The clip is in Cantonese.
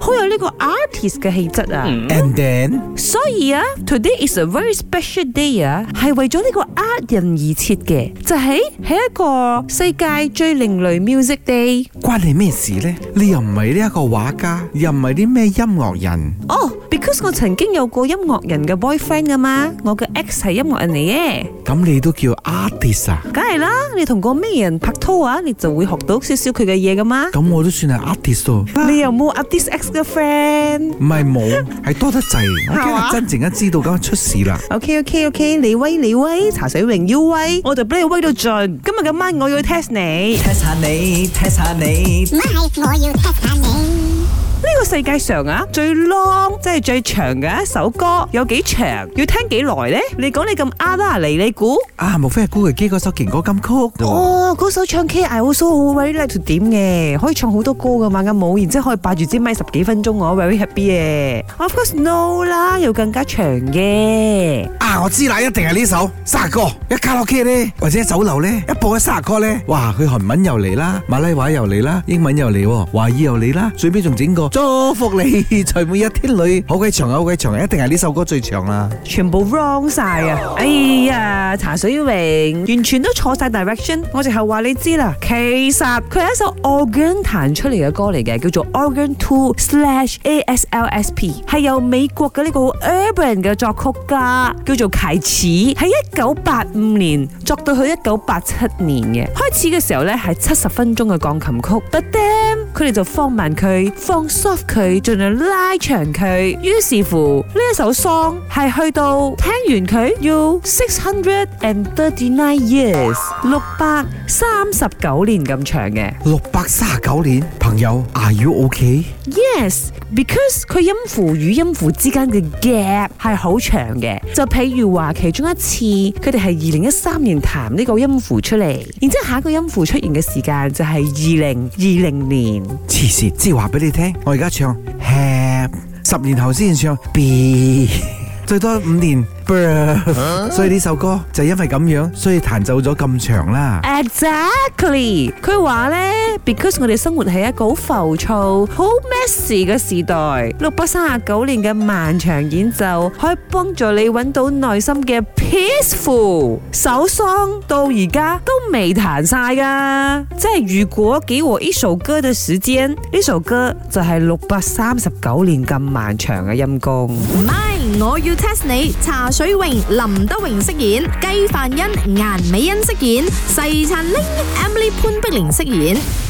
好有呢個 artist 嘅氣質啊！And then，所以啊，Today is a very special day 啊，係為咗呢個 art 人而設嘅，就喺喺一個世界最另類 music day。關你咩事咧？你又唔係呢一個畫家，又唔係啲咩音樂人。哦。因為我曾經有過音樂人嘅 boyfriend 噶嘛，我嘅 ex 係音樂人嚟嘅，咁你都叫 artist 啊？梗係啦，你同個咩人拍拖啊？你就會學到少少佢嘅嘢噶嘛？咁我都算係 artist 喎。你有冇 artist ex 嘅 friend？唔係冇，係多得滯。我驚真正一知道咁樣出事啦。OK OK OK，你威你威，茶水榮要威，我就俾你威到盡。今日咁晚我要 test 你，test 下你，test 下你，唔係我要 test 下你。世界上啊最 long 即係最長嘅一首歌有幾長？要聽幾耐咧？你講你咁啱啦，嚟，你估啊？無非係古巨基嗰首勁歌金曲？哦，嗰首唱 K I also very like to 點嘅，可以唱好多歌噶嘛，阿武，然之後可以霸住支咪十幾分鐘我 very happy 嘅。Of course no 啦，又更加長嘅。我知啦，一定係呢首卅個，一卡拉 OK 咧，或者一酒樓咧，一播一卅個咧，哇，佢韓文又嚟啦，馬拉話又嚟啦，英文又嚟，華語又嚟啦，最尾仲整個祝福你，在每一天裏，好鬼長啊，好鬼長，一定係呢首歌最長啦，全部 wrong 晒啊！哎呀，茶水榮完全都錯晒 direction，我淨係話你知啦，其實佢係一首 organ 彈出嚟嘅歌嚟嘅，叫做 Organ Two Slash A S L S P，係由美國嘅呢個 urban 嘅作曲家叫做。開始喺一九八五年作到去一九八七年嘅，開始嘅時候咧，係七十分鐘嘅鋼琴曲。叭叭佢哋就放慢佢，放 soft 佢，盡量拉長佢。於是乎，呢一首 song 係去到聽完佢要 six hundred and thirty nine years，六百三十九年咁長嘅。六百三十九年，朋友，are you ok？Yes，because 佢音符與音符之間嘅 gap 係好長嘅。就譬如話，其中一次佢哋係二零一三年彈呢個音符出嚟，然之後下一個音符出現嘅時間就係二零二零年。痴線即係話俾你聽，我而家唱 H，十年後先唱 B。最多五年，所以呢首歌就因為咁樣，所以彈奏咗咁長啦。Exactly，佢話呢，Because 我哋生活係一個好浮躁、好 messy 嘅時代。六百三十九年嘅漫長演奏，可以幫助你搵到內心嘅 peaceful。手喪到而家都未彈晒噶，即係如果給我一首歌嘅時間，呢首歌就係六百三十九年咁漫長嘅陰功。我要 test 你，茶水泳、林德榮飾演，雞范欣、顏美欣飾演，細陳玲、Emily 潘碧玲飾演。